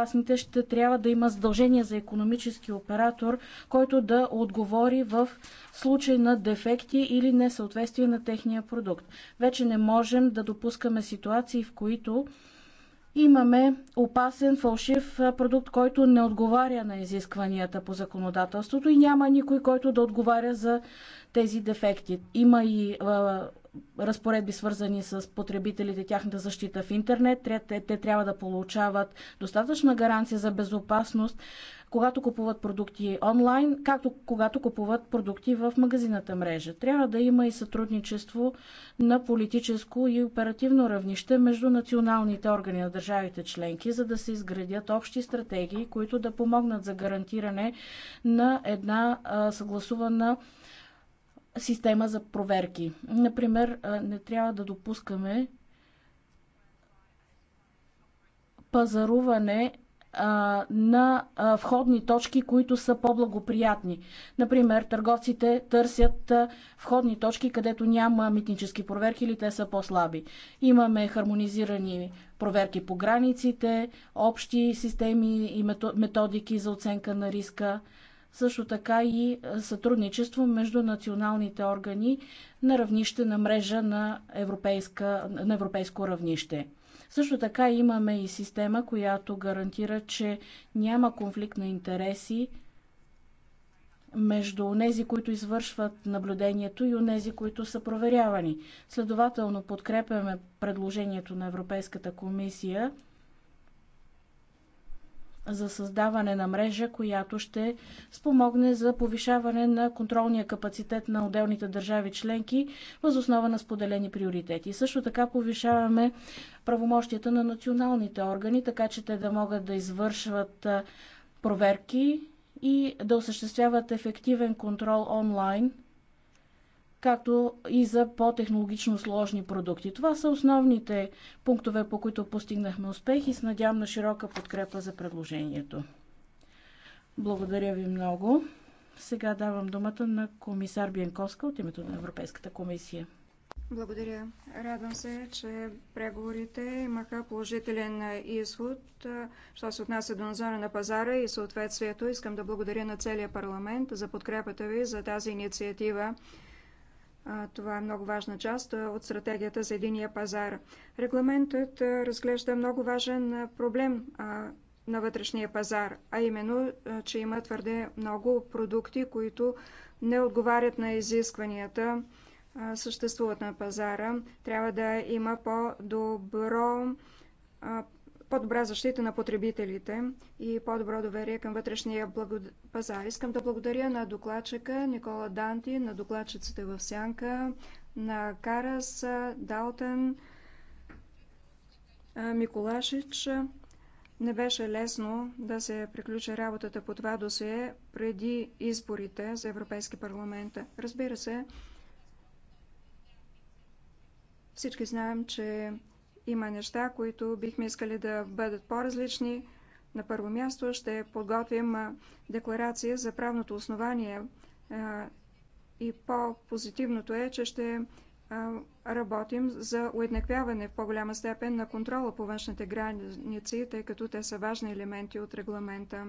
безопасните ще трябва да има задължение за економически оператор, който да отговори в случай на дефекти или несъответствие на техния продукт. Вече не можем да допускаме ситуации, в които имаме опасен фалшив продукт, който не отговаря на изискванията по законодателството и няма никой, който да отговаря за тези дефекти. Има и а, разпоредби свързани с потребителите, тяхната защита в интернет. Те, те трябва да получават достатъчна гаранция за безопасност когато купуват продукти онлайн, както когато купуват продукти в магазината мрежа. Трябва да има и сътрудничество на политическо и оперативно равнище между националните органи на държавите членки, за да се изградят общи стратегии, които да помогнат за гарантиране на една съгласувана система за проверки. Например, не трябва да допускаме пазаруване на входни точки, които са по-благоприятни. Например, търговците търсят входни точки, където няма митнически проверки или те са по-слаби. Имаме хармонизирани проверки по границите, общи системи и методики за оценка на риска също така и сътрудничество между националните органи на равнище на мрежа на, европейска, на европейско равнище. Също така имаме и система, която гарантира, че няма конфликт на интереси между онези, които извършват наблюдението и онези, които са проверявани. Следователно подкрепяме предложението на Европейската комисия за създаване на мрежа, която ще спомогне за повишаване на контролния капацитет на отделните държави членки въз основа на споделени приоритети. Също така повишаваме правомощията на националните органи, така че те да могат да извършват проверки и да осъществяват ефективен контрол онлайн както и за по-технологично сложни продукти. Това са основните пунктове, по които постигнахме успех и с надявам на широка подкрепа за предложението. Благодаря ви много. Сега давам думата на комисар Бенковска от името на Европейската комисия. Благодаря. Радвам се, че преговорите имаха положителен изход, що се отнася до назора на пазара и съответствието. Искам да благодаря на целия парламент за подкрепата ви за тази инициатива. Това е много важна част от стратегията за единия пазар. Регламентът разглежда много важен проблем на вътрешния пазар, а именно, че има твърде много продукти, които не отговарят на изискванията, съществуват на пазара. Трябва да има по-добро по-добра защита на потребителите и по-добро доверие към вътрешния благод... пазар. Искам да благодаря на докладчика Никола Данти, на докладчиците в Сянка, на Карас, Далтен, Миколашич. Не беше лесно да се приключи работата по това досие преди изборите за Европейски парламент. Разбира се, всички знаем, че има неща, които бихме искали да бъдат по-различни. На първо място ще подготвим декларация за правното основание и по-позитивното е, че ще работим за уеднаквяване в по-голяма степен на контрола по външните граници, тъй като те са важни елементи от регламента.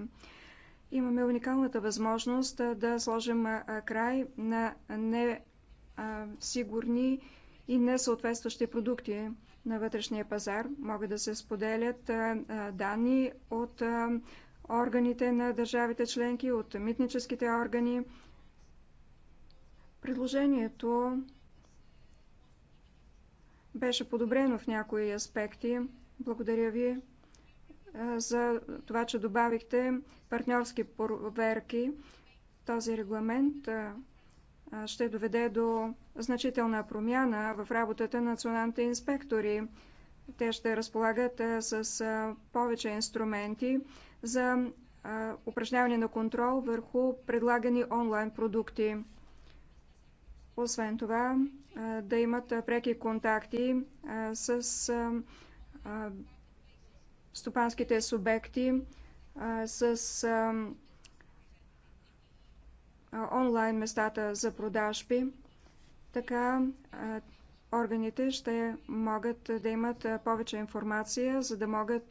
Имаме уникалната възможност да сложим край на несигурни и несъответстващи продукти на вътрешния пазар. Могат да се споделят данни от органите на държавите членки, от митническите органи. Предложението беше подобрено в някои аспекти. Благодаря ви за това, че добавихте партньорски проверки. Този регламент ще доведе до значителна промяна в работата на националните инспектори. Те ще разполагат с повече инструменти за упражняване на контрол върху предлагани онлайн продукти. Освен това, да имат преки контакти с стопанските субекти, с онлайн местата за продажби. Така органите ще могат да имат повече информация, за да могат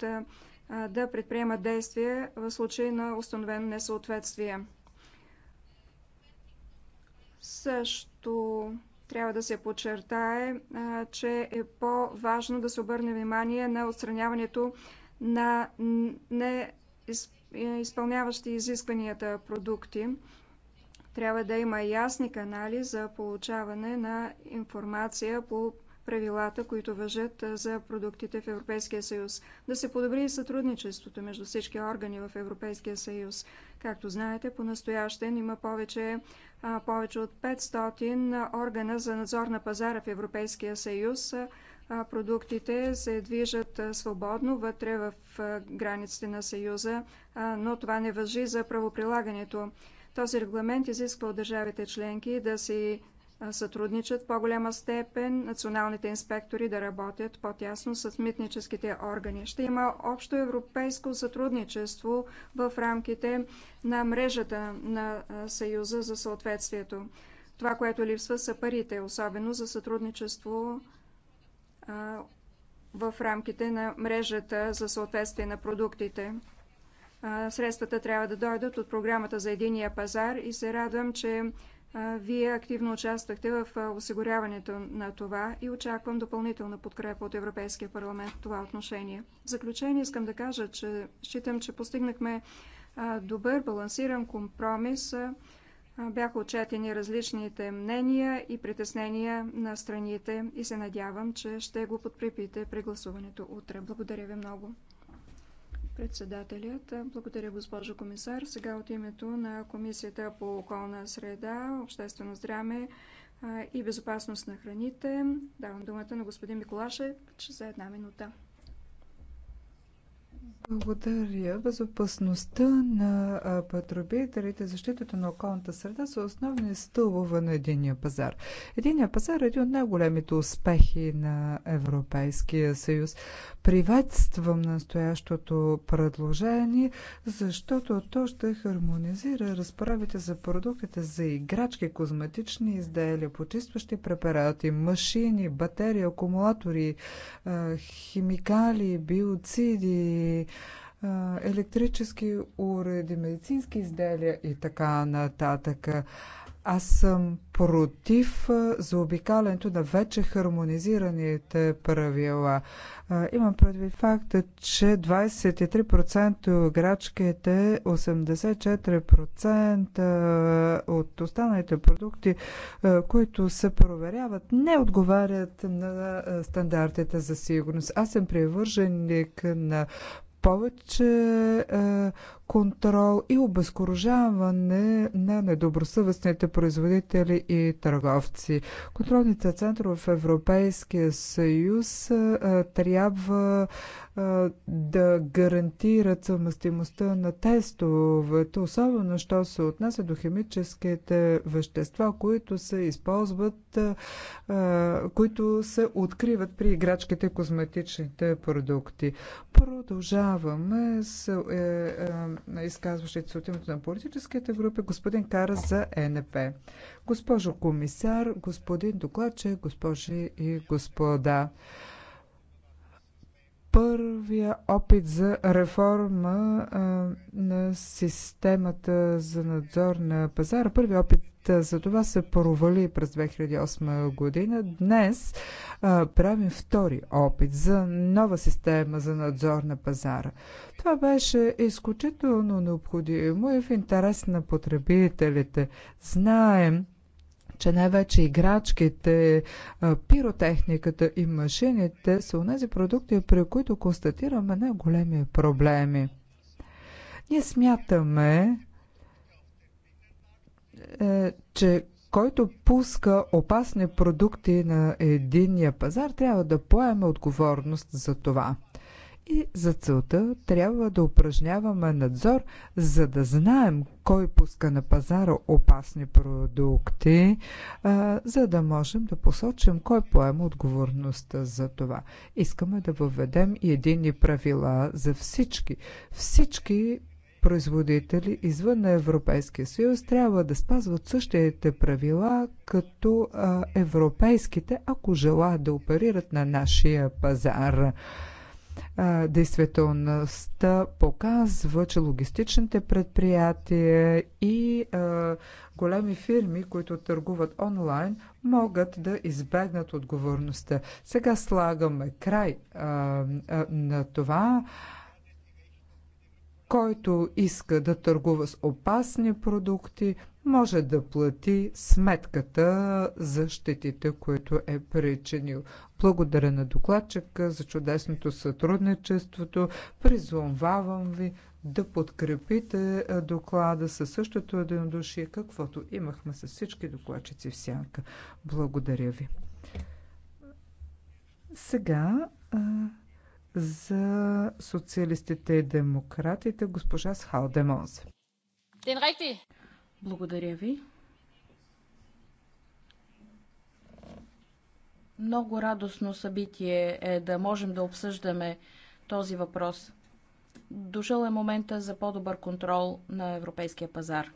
да предприемат действия в случай на установено несъответствие. Също трябва да се подчертае, че е по-важно да се обърне внимание на отстраняването на неизпълняващи изискванията продукти. Трябва да има ясни канали за получаване на информация по правилата, които въжат за продуктите в Европейския съюз. Да се подобри сътрудничеството между всички органи в Европейския съюз. Както знаете, по-настоящен има повече, повече от 500 органа за надзор на пазара в Европейския съюз. продуктите се движат свободно вътре в границите на съюза, но това не въжи за правоприлагането. Този регламент изисква от държавите членки да си сътрудничат в по-голяма степен, националните инспектори да работят по-тясно с митническите органи. Ще има общо европейско сътрудничество в рамките на мрежата на Съюза за съответствието. Това, което липсва, са парите, особено за сътрудничество в рамките на мрежата за съответствие на продуктите. Средствата трябва да дойдат от програмата за единия пазар и се радвам, че вие активно участвахте в осигуряването на това и очаквам допълнителна подкрепа от Европейския парламент в това отношение. В заключение искам да кажа, че считам, че постигнахме добър, балансиран компромис. Бяха отчетени различните мнения и притеснения на страните и се надявам, че ще го подкрепите при гласуването утре. Благодаря ви много. Председателят, благодаря госпожо комисар. Сега от името на Комисията по околна среда, обществено здраве и безопасност на храните давам думата на господин Миколашев за една минута. Благодаря. Безопасността на потребителите, защитата на околната среда са основни стълбове на единия пазар. Единия пазар е един от най-големите успехи на Европейския съюз. Приветствам настоящото предложение, защото то ще хармонизира разправите за продуктите за играчки, козметични изделия, почистващи препарати, машини, батерии, акумулатори, химикали, биоциди, електрически уреди, медицински изделия и така нататък. Аз съм против заобикалянето на вече хармонизираните правила. Имам предвид факта, че 23% от играчките, 84% от останалите продукти, които се проверяват, не отговарят на стандартите за сигурност. Аз съм привърженик на повече контрол и обезкуражаване на недобросъвестните производители и търговци. Контролните центрове в Европейския съюз трябва да гарантират съвместимостта на тестовете, особено що се отнася до химическите вещества, които се използват, които се откриват при играчките и козметичните продукти. Продължаваме с е, е, на изказващите се от името на политическите групи, господин Кара за е НП. Госпожо комисар, господин докладче, госпожи и господа първия опит за реформа а, на системата за надзор на пазара, първият опит за това се провали през 2008 година. Днес а, правим втори опит за нова система за надзор на пазара. Това беше изключително необходимо и в интерес на потребителите. Знаем, че най-вече играчките, пиротехниката и машините са онези продукти, при които констатираме най-големи проблеми. Ние смятаме, е, че който пуска опасни продукти на единния пазар, трябва да поеме отговорност за това. И за целта трябва да упражняваме надзор, за да знаем кой пуска на пазара опасни продукти, а, е, за да можем да посочим кой поема отговорността за това. Искаме да въведем едини правила за всички. Всички производители извън Европейския съюз трябва да спазват същите правила като европейските, ако желаят да оперират на нашия пазар. Действителността показва, че логистичните предприятия и а, големи фирми, които търгуват онлайн, могат да избегнат отговорността. Сега слагаме край а, а, на това. А, който иска да търгува с опасни продукти, може да плати сметката за щетите, които е причинил. Благодаря на докладчика за чудесното сътрудничеството. Призовавам ви да подкрепите доклада със същото единодушие, каквото имахме с всички докладчици в сянка. Благодаря ви. Сега за социалистите и демократите госпожа Схалдемоз. Благодаря ви. Много радостно събитие е да можем да обсъждаме този въпрос. Дошъл е момента за по-добър контрол на европейския пазар.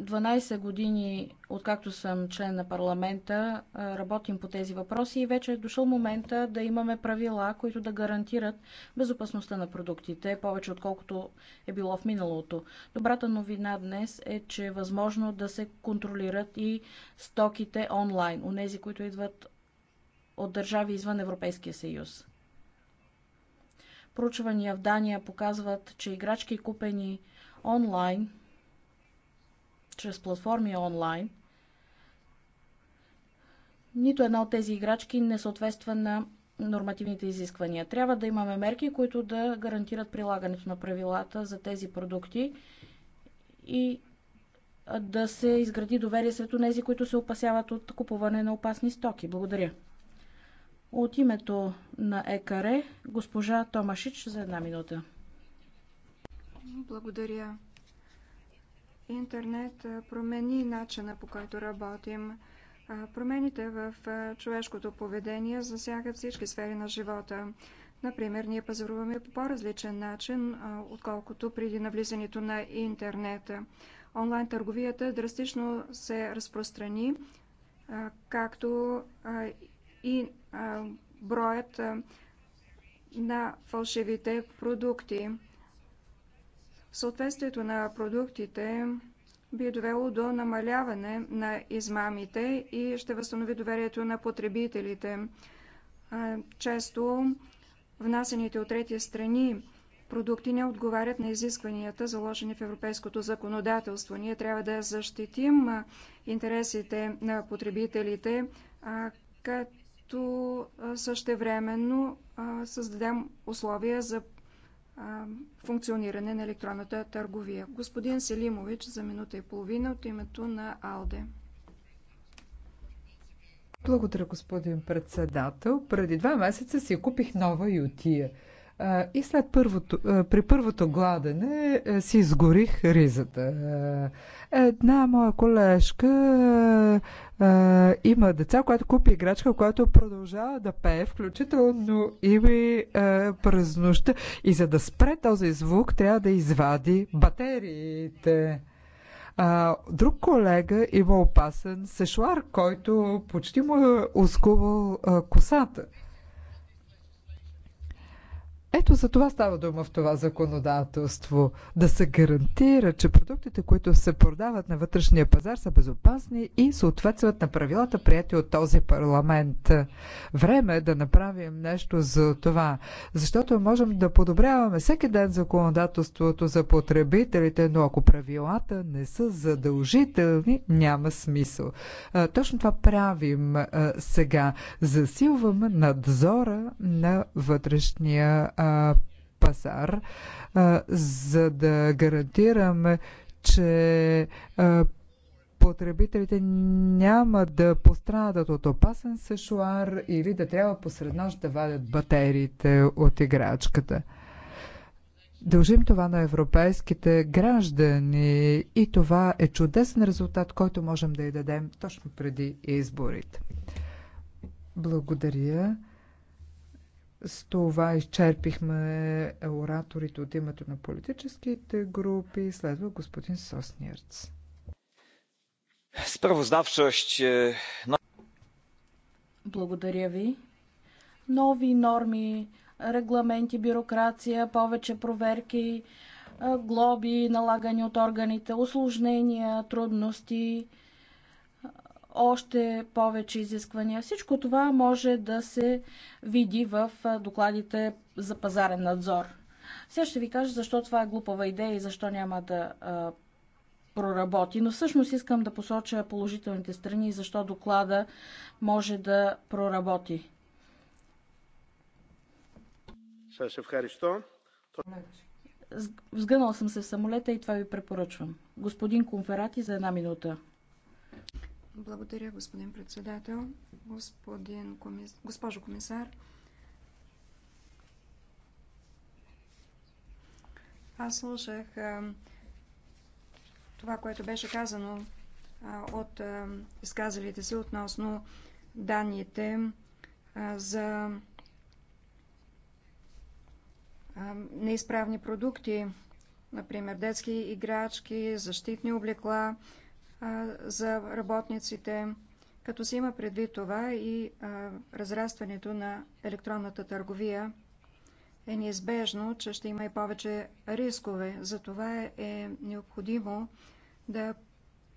12 години, откакто съм член на парламента, работим по тези въпроси и вече е дошъл момента да имаме правила, които да гарантират безопасността на продуктите, повече отколкото е било в миналото. Добрата новина днес е, че е възможно да се контролират и стоките онлайн, у нези, които идват от държави извън Европейския съюз. Проучвания в Дания показват, че играчки купени онлайн чрез платформи онлайн. Нито една от тези играчки не съответства на нормативните изисквания. Трябва да имаме мерки, които да гарантират прилагането на правилата за тези продукти и да се изгради доверие сред тези, които се опасяват от купуване на опасни стоки. Благодаря. От името на ЕКАРЕ, госпожа Томашич за една минута. Благодаря. Интернет промени начина по който работим. Промените в човешкото поведение засягат всички сфери на живота. Например, ние пазаруваме по по-различен начин, отколкото преди навлизането на интернета. Онлайн търговията драстично се разпространи, както и броят на фалшивите продукти. Съответствието на продуктите би довело до намаляване на измамите и ще възстанови доверието на потребителите. Често внасените от трети страни продукти не отговарят на изискванията, заложени в европейското законодателство. Ние трябва да защитим интересите на потребителите, като същевременно създадем условия за функциониране на електронната търговия. Господин Селимович за минута и половина от името на АЛДЕ. Благодаря, господин председател. Преди два месеца си купих нова ютия. И след първото, при първото гладене си изгорих ризата. Една моя колежка има деца, която купи играчка, която продължава да пее, включително и през нощта. И за да спре този звук, трябва да извади батериите. А, друг колега има опасен сешуар, който почти му е оскувал косата. Ето за това става дума в това законодателство. Да се гарантира, че продуктите, които се продават на вътрешния пазар, са безопасни и съответстват на правилата, прияти от този парламент. Време е да направим нещо за това, защото можем да подобряваме всеки ден законодателството за потребителите, но ако правилата не са задължителни, няма смисъл. Точно това правим сега. Засилваме надзора на вътрешния пазар, за да гарантираме, че потребителите няма да пострадат от опасен сешуар или да трябва посред нощ да вадят батериите от играчката. Дължим това на европейските граждани и това е чудесен резултат, който можем да й дадем точно преди изборите. Благодаря. С това изчерпихме ораторите от името на политическите групи. Следва господин Соснирц. Справоздавчащ. Благодаря ви. Нови норми, регламенти, бюрокрация, повече проверки, глоби, налагани от органите, осложнения, трудности още повече изисквания. Всичко това може да се види в докладите за пазарен надзор. Сега ще ви кажа защо това е глупава идея и защо няма да а, проработи. Но всъщност искам да посоча положителните страни и защо доклада може да проработи. ще Евхаристо. Сгънал съм се в самолета и това ви препоръчвам. Господин Конферати за една минута. Благодаря, господин председател, господин комис... госпожо комисар. Аз слушах а, това, което беше казано а, от а, изказалите се относно данните а, за а, неизправни продукти, например детски играчки, защитни облекла, а, за работниците, като се има предвид това и разрастването на електронната търговия е неизбежно, че ще има и повече рискове. Затова е, е необходимо да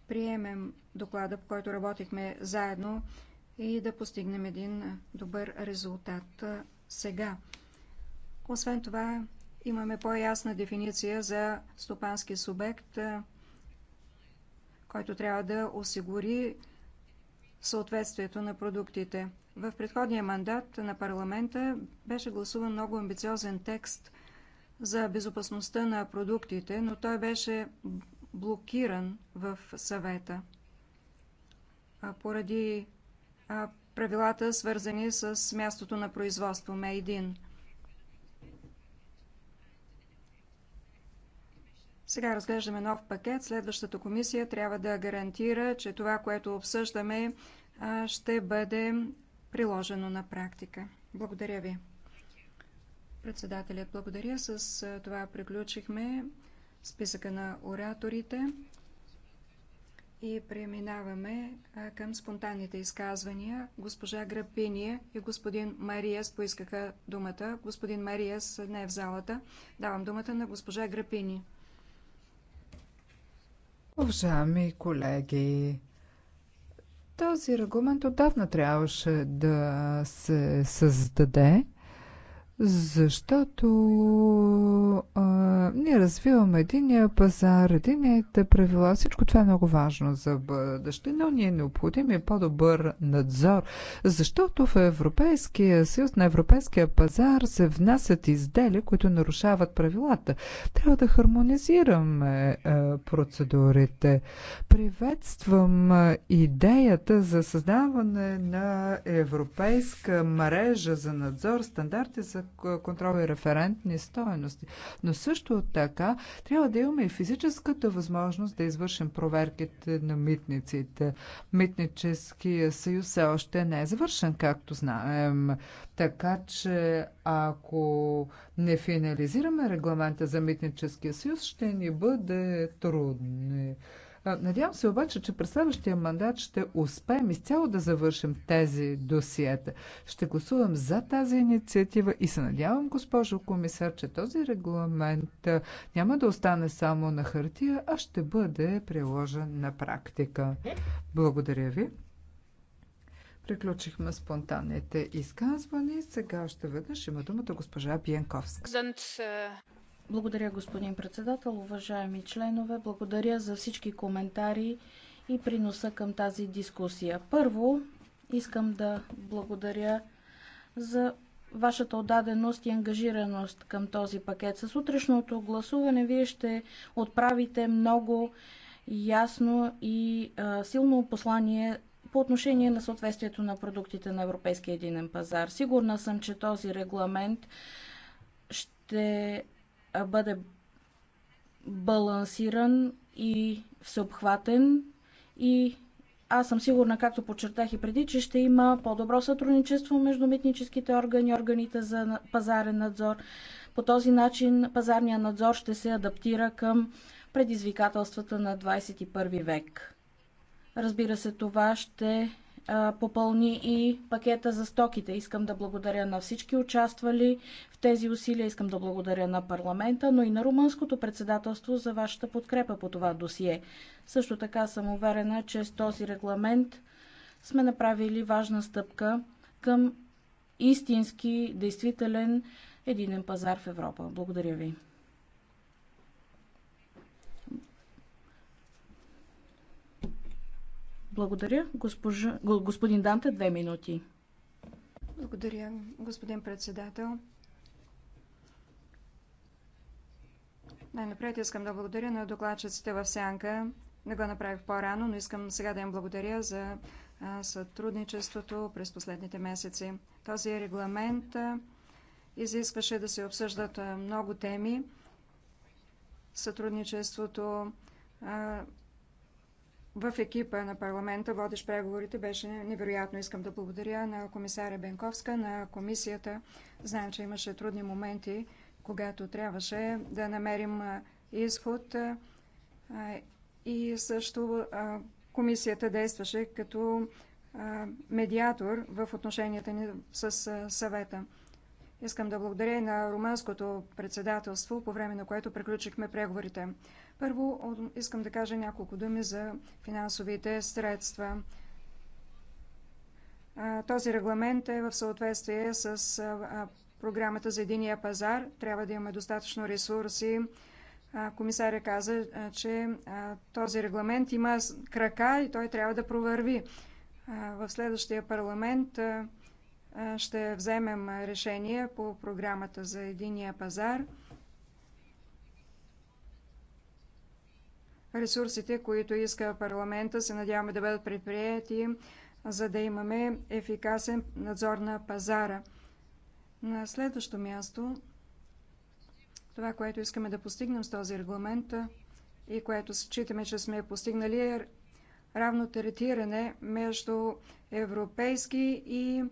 приемем доклада, по който работихме заедно и да постигнем един добър резултат сега. Освен това, имаме по-ясна дефиниция за стопански субект – който трябва да осигури съответствието на продуктите. В предходния мандат на парламента беше гласуван много амбициозен текст за безопасността на продуктите, но той беше блокиран в съвета поради правилата, свързани с мястото на производство Мейдин. Сега разглеждаме нов пакет. Следващата комисия трябва да гарантира, че това, което обсъждаме, ще бъде приложено на практика. Благодаря ви. Председателят, благодаря. С това приключихме списъка на ораторите и преминаваме към спонтанните изказвания. Госпожа Грапиния и господин Мариес поискаха думата. Господин Мариес не е в залата. Давам думата на госпожа Грапини. Уважаеми колеги, този регламент отдавна трябваше да се създаде защото а, ние развиваме единия пазар, едините правила. Всичко това е много важно за бъдеще, но ни е необходим и по-добър надзор, защото в Европейския съюз, на Европейския пазар се внасят изделия, които нарушават правилата. Трябва да хармонизираме а, процедурите. Приветствам идеята за създаване на европейска мрежа за надзор, стандарти за контрол и референтни стоености. Но също така трябва да имаме и физическата възможност да извършим проверките на митниците. Митническия съюз все още не е завършен, както знаем. Така че ако не финализираме регламента за митническия съюз, ще ни бъде трудно. Надявам се обаче, че през следващия мандат ще успеем изцяло да завършим тези досиета. Ще гласувам за тази инициатива и се надявам, госпожо комисар, че този регламент няма да остане само на хартия, а ще бъде приложен на практика. Благодаря ви. Приключихме спонтанните изказвания. Сега още веднъж има думата госпожа Пиенковска. Благодаря, господин председател, уважаеми членове. Благодаря за всички коментари и приноса към тази дискусия. Първо, искам да благодаря за вашата отдаденост и ангажираност към този пакет. С утрешното гласуване вие ще отправите много ясно и а, силно послание по отношение на съответствието на продуктите на Европейския единен пазар. Сигурна съм, че този регламент ще бъде балансиран и всеобхватен и аз съм сигурна, както подчертах и преди, че ще има по-добро сътрудничество между митническите органи, органите за пазарен надзор. По този начин пазарния надзор ще се адаптира към предизвикателствата на 21 век. Разбира се, това ще попълни и пакета за стоките. Искам да благодаря на всички участвали в тези усилия, искам да благодаря на парламента, но и на румънското председателство за вашата подкрепа по това досие. Също така съм уверена, че с този регламент сме направили важна стъпка към истински, действителен единен пазар в Европа. Благодаря ви. Благодаря. Госпожа, господин Данте, две минути. Благодаря, господин председател. Най-напред искам да благодаря на докладчиците в Сянка. Не го направих по-рано, но искам сега да им благодаря за сътрудничеството през последните месеци. Този регламент изискваше да се обсъждат много теми. Сътрудничеството в екипа на парламента, водещ преговорите, беше невероятно. Искам да благодаря на комисаря Бенковска, на комисията. Знаем, че имаше трудни моменти, когато трябваше да намерим изход и също комисията действаше като медиатор в отношенията ни с съвета. Искам да благодаря и на румънското председателство, по време на което приключихме преговорите. Първо искам да кажа няколко думи за финансовите средства. Този регламент е в съответствие с програмата за единия пазар. Трябва да имаме достатъчно ресурси. Комисаря каза, че този регламент има крака и той трябва да провърви. В следващия парламент ще вземем решение по програмата за единия пазар – ресурсите, които иска парламента, се надяваме да бъдат предприяти, за да имаме ефикасен надзор на пазара. На следващо място, това, което искаме да постигнем с този регламент и което считаме, че сме постигнали е равно третиране между европейски и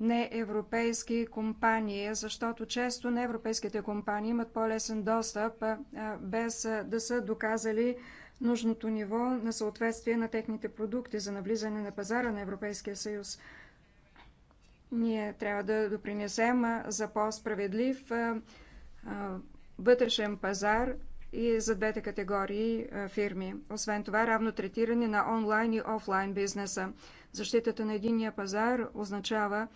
неевропейски компании, защото често неевропейските компании имат по-лесен достъп без да са доказали нужното ниво на съответствие на техните продукти за навлизане на пазара на Европейския съюз. Ние трябва да допринесем за по-справедлив вътрешен пазар и за двете категории фирми. Освен това, равно третиране на онлайн и офлайн бизнеса. Защитата на единния пазар означава,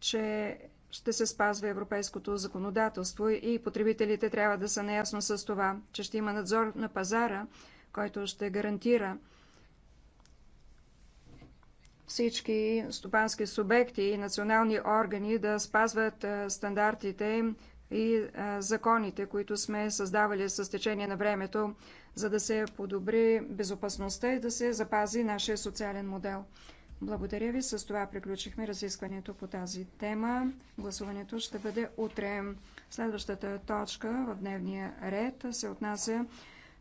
че ще се спазва европейското законодателство и потребителите трябва да са наясно с това, че ще има надзор на пазара, който ще гарантира всички стопански субекти и национални органи да спазват стандартите и законите, които сме създавали с течение на времето, за да се подобри безопасността и да се запази нашия социален модел. Благодаря ви. С това приключихме разискването по тази тема. Гласуването ще бъде утре. Следващата точка в дневния ред се отнася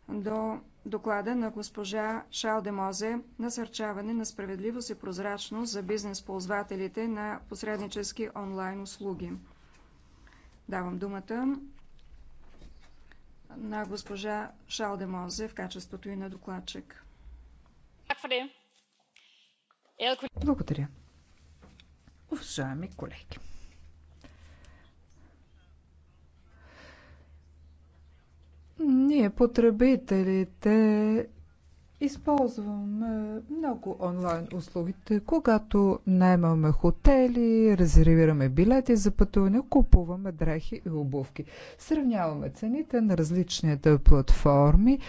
до доклада на госпожа Шалдемозе «Насърчаване на справедливост и прозрачност за бизнес-ползвателите на посреднически онлайн услуги». Давам думата на госпожа Шалдемозе в качеството и на докладчик. Благодаря. Благодаря. Уважаеми колеги. Ние, потребителите, Използваме много онлайн услугите, когато наймаме хотели, резервираме билети за пътуване, купуваме дрехи и обувки. Сравняваме цените на различните платформи.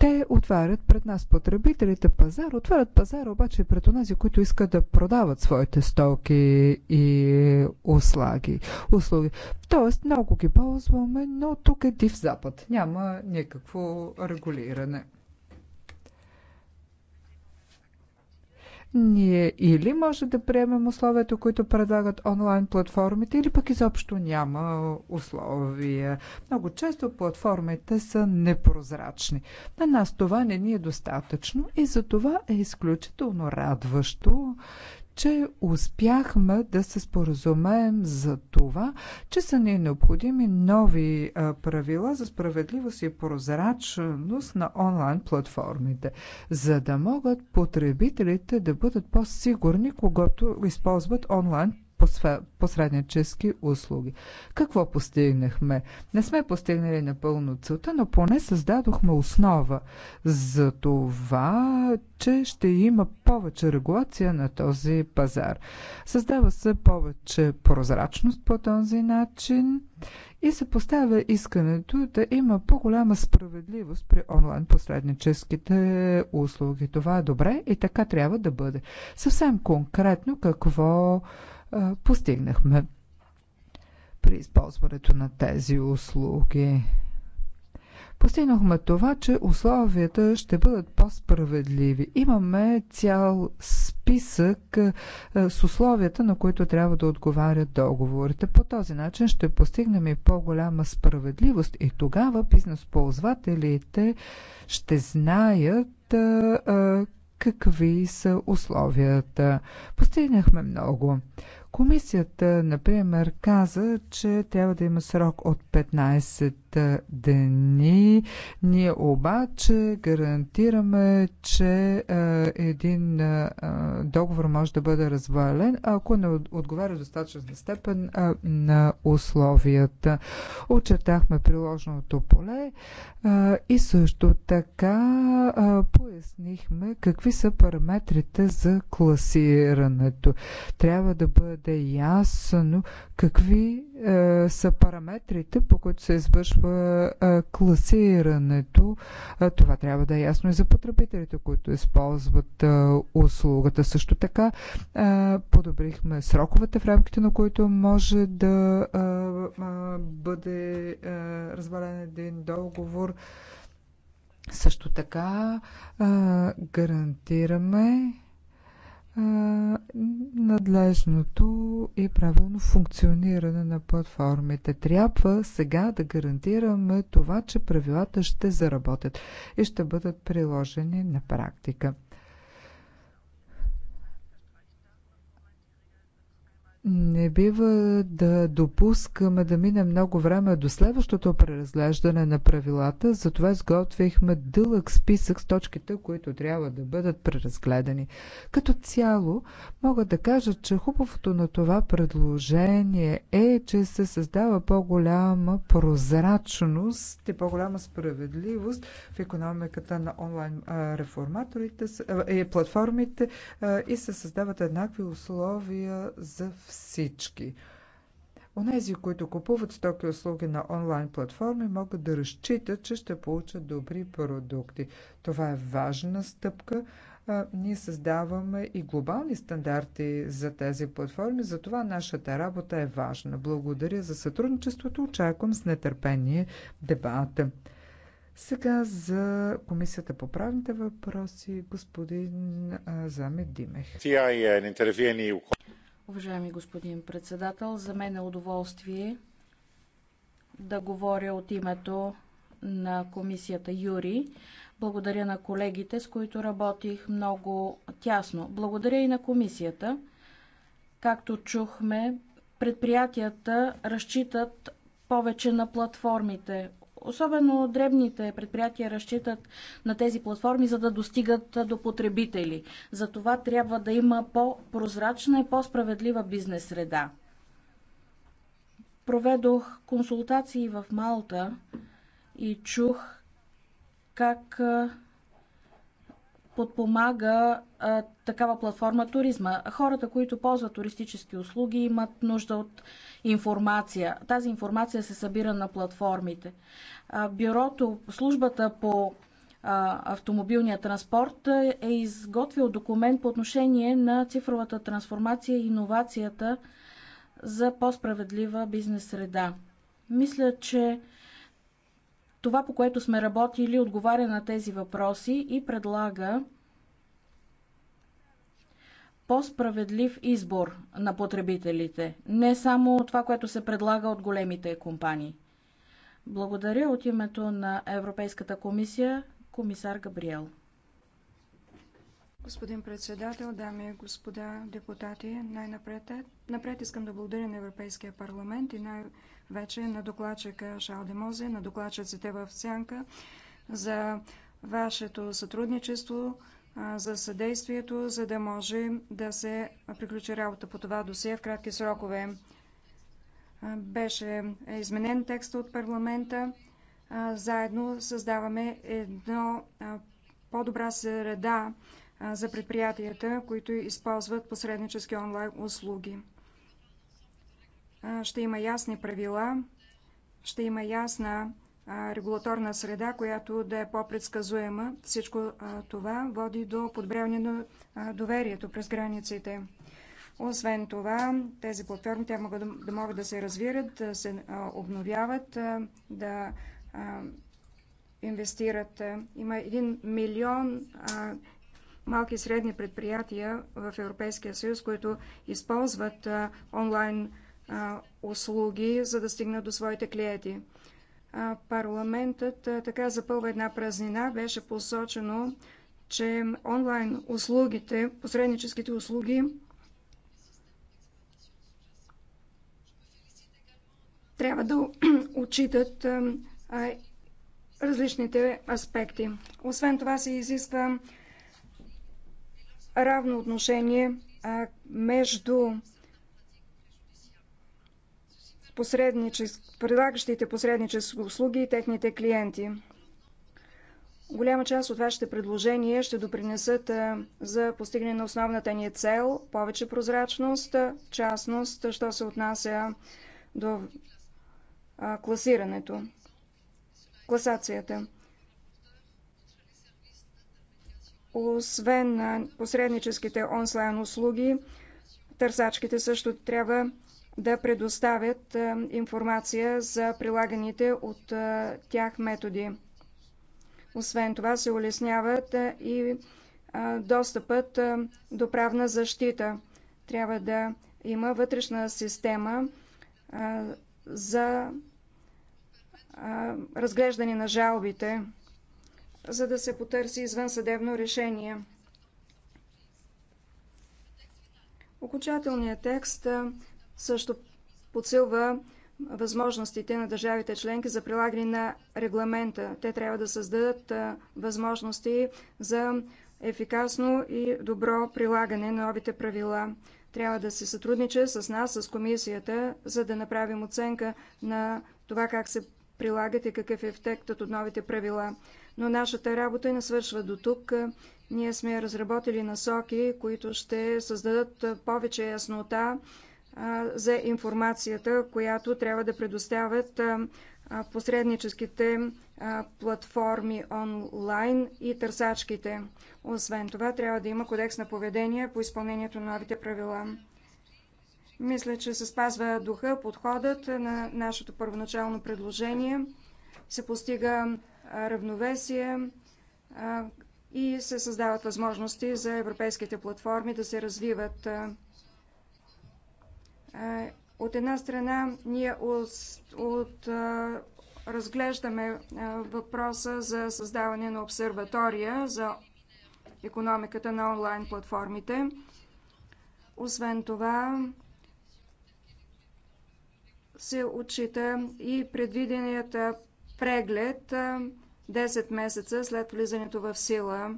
Те отварят пред нас потребителите пазар, отварят пазар обаче пред онези, които искат да продават своите стоки и услаги, услуги. Тоест много ги ползваме, но тук е див запад. Няма никакво регулиране. Ние или може да приемем условията, които предлагат онлайн платформите, или пък изобщо няма условия. Много често платформите са непрозрачни. На нас това не ни е достатъчно и за това е изключително радващо, че успяхме да се споразумеем за това, че са ни необходими нови правила за справедливост и прозрачност на онлайн платформите, за да могат потребителите да бъдат по-сигурни, когато използват онлайн посреднически услуги. Какво постигнахме? Не сме постигнали напълно целта, но поне създадохме основа за това, че ще има повече регулация на този пазар. Създава се повече прозрачност по този начин и се поставя искането да има по-голяма справедливост при онлайн посредническите услуги. Това е добре и така трябва да бъде. Съвсем конкретно какво постигнахме при използването на тези услуги. Постигнахме това, че условията ще бъдат по-справедливи. Имаме цял списък с условията, на които трябва да отговарят договорите. По този начин ще постигнем и по-голяма справедливост и тогава бизнес-ползвателите ще знаят какви са условията. Постигнахме много. Комисията, например, каза, че трябва да има срок от 15 дни. Ние обаче гарантираме, че е, един е, договор може да бъде развален, ако не отговаря достатъчна степен е, на условията. Очертахме приложеното поле и също така пояснихме какви са параметрите за класирането. Трябва да бъде ясно какви са параметрите, по които се извършва извършва класирането. Това трябва да е ясно и за потребителите, които използват услугата. Също така подобрихме сроковете в рамките на които може да бъде развален един договор. Също така гарантираме надлежното и правилно функциониране на платформите. Трябва сега да гарантираме това, че правилата ще заработят и ще бъдат приложени на практика. Не бива да допускаме да мине много време до следващото преразглеждане на правилата, затова изготвихме дълъг списък с точките, които трябва да бъдат преразгледани. Като цяло, мога да кажа, че хубавото на това предложение е, че се създава по-голяма прозрачност и по-голяма справедливост в економиката на онлайн реформаторите и платформите и се създават еднакви условия за всички всички. Онези, които купуват стоки и услуги на онлайн платформи, могат да разчитат, че ще получат добри продукти. Това е важна стъпка. А, ние създаваме и глобални стандарти за тези платформи, затова нашата работа е важна. Благодаря за сътрудничеството, очаквам с нетърпение дебата. Сега за Комисията по правните въпроси господин Замед Димех. Тя е интервюени Уважаеми господин председател, за мен е удоволствие да говоря от името на комисията Юри. Благодаря на колегите, с които работих много тясно. Благодаря и на комисията. Както чухме, предприятията разчитат повече на платформите, Особено дребните предприятия разчитат на тези платформи, за да достигат до потребители. За това трябва да има по-прозрачна и по-справедлива бизнес среда. Проведох консултации в Малта и чух как подпомага а, такава платформа туризма. Хората, които ползват туристически услуги, имат нужда от информация. Тази информация се събира на платформите. А, бюрото, службата по автомобилния транспорт е, е изготвил документ по отношение на цифровата трансформация и иновацията за по-справедлива бизнес среда. Мисля, че това, по което сме работили, отговаря на тези въпроси и предлага по-справедлив избор на потребителите, не само това, което се предлага от големите компании. Благодаря от името на Европейската комисия, комисар Габриел. Господин председател, дами и господа депутати, най-напред е- напред искам да благодаря на Европейския парламент и най- вече на докладчика Шал Демозе, на докладчиците в Сянка за вашето сътрудничество, за съдействието, за да може да се приключи работа по това досие в кратки срокове. Беше изменен текст от парламента. Заедно създаваме едно по-добра среда за предприятията, които използват посреднически онлайн услуги ще има ясни правила, ще има ясна регулаторна среда, която да е по-предсказуема. Всичко това води до подобряване на доверието през границите. Освен това, тези платформи те могат да могат да се развират, да се обновяват, да инвестират. Има един милион малки и средни предприятия в Европейския съюз, които използват онлайн услуги, за да стигнат до своите клиенти. Парламентът така запълва една празнина. Беше посочено, че онлайн услугите, посредническите услуги трябва да отчитат различните аспекти. Освен това се изисква равно отношение между посредничес... предлагащите посреднически услуги и техните клиенти. Голяма част от вашите предложения ще допринесат за постигане на основната ни цел повече прозрачност, частност, що се отнася до класирането, класацията. Освен посредническите онлайн услуги, търсачките също трябва да предоставят е, информация за прилаганите от е, тях методи. Освен това се улесняват е, и достъпът до правна защита. Трябва да има вътрешна система за разглеждане на жалбите, за да се потърси извънсъдебно решение. Окончателният текст също подсилва възможностите на държавите членки за прилагане на регламента. Те трябва да създадат възможности за ефикасно и добро прилагане на новите правила. Трябва да се сътрудниче с нас, с комисията, за да направим оценка на това как се прилагат и какъв е ефектът от новите правила. Но нашата работа не свършва до тук. Ние сме разработили насоки, които ще създадат повече яснота за информацията, която трябва да предоставят посредническите платформи онлайн и търсачките. Освен това, трябва да има кодекс на поведение по изпълнението на новите правила. Мисля, че се спазва духа, подходът на нашето първоначално предложение. Се постига равновесие и се създават възможности за европейските платформи да се развиват от една страна ние от, от, разглеждаме въпроса за създаване на обсерватория за економиката на онлайн платформите. Освен това се отчита и предвиденият преглед 10 месеца след влизането в сила.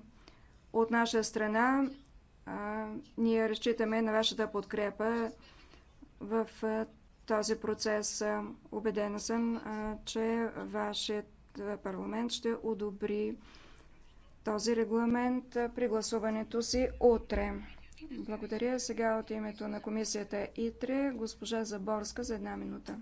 От наша страна ние разчитаме на вашата подкрепа в този процес. Обедена съм, че вашият парламент ще одобри този регламент при гласуването си утре. Благодаря. Сега от името на комисията ИТРЕ госпожа Заборска за една минута.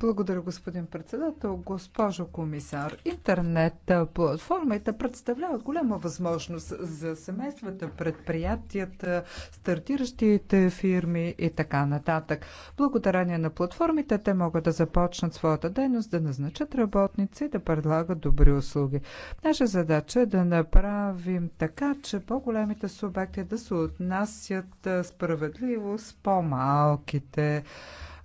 Благодаря, господин председател. Госпожо комисар, интернет платформите представляват голяма възможност за семействата, предприятията, стартиращите фирми и така нататък. Благодарение на платформите те могат да започнат своята дейност, да назначат работници, и да предлагат добри услуги. Наша задача е да направим така, че по-големите субекти да се отнасят справедливо с по-малките.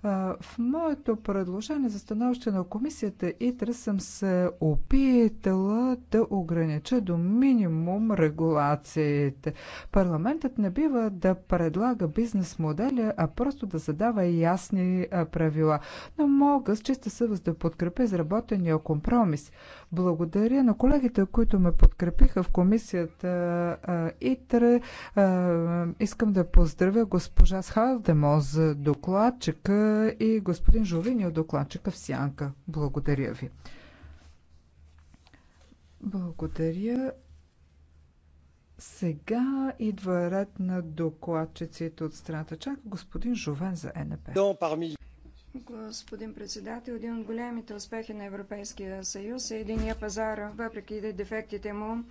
В моето предложение за становище на комисията ИТРА съм се опитала да огранича до минимум регулациите. Парламентът не бива да предлага бизнес моделя, а просто да задава ясни правила. Но мога с чиста съвест да подкрепя изработения компромис. Благодаря на колегите, които ме подкрепиха в комисията ИТРА. Искам да поздравя госпожа Схалдемо за докладчика и господин Жувин от е докладчика в Сянка. Благодаря ви. Благодаря. Сега идва ред на докладчиците от страната. Чака господин Жовен за НП. Господин председател, един от големите успехи на Европейския съюз е единия пазар, въпреки дефектите му.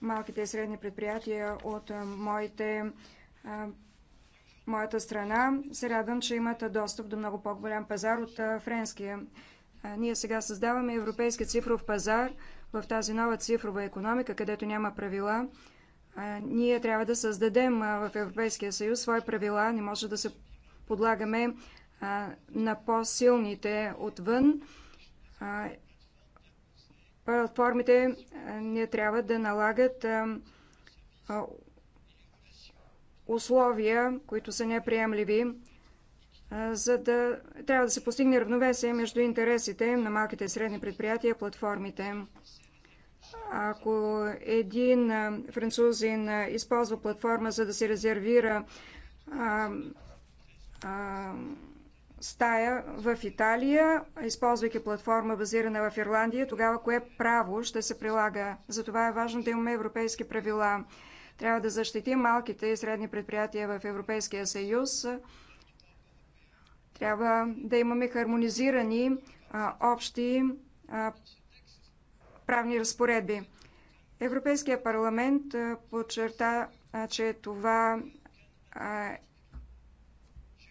Малките и средни предприятия от моите моята страна. Се радвам, че имате достъп до много по-голям пазар от френския. Ние сега създаваме европейски цифров пазар в тази нова цифрова економика, където няма правила. Ние трябва да създадем в Европейския съюз свои правила. Не може да се подлагаме на по-силните отвън. Платформите не трябва да налагат условия, които са неприемливи, за да трябва да се постигне равновесие между интересите на малките и средни предприятия и платформите. Ако един французин използва платформа, за да се резервира а, а, стая в Италия, използвайки платформа базирана в Ирландия, тогава кое право ще се прилага? Затова е важно да имаме европейски правила. Трябва да защитим малките и средни предприятия в Европейския съюз. Трябва да имаме хармонизирани а, общи а, правни разпоредби. Европейския парламент подчерта, че това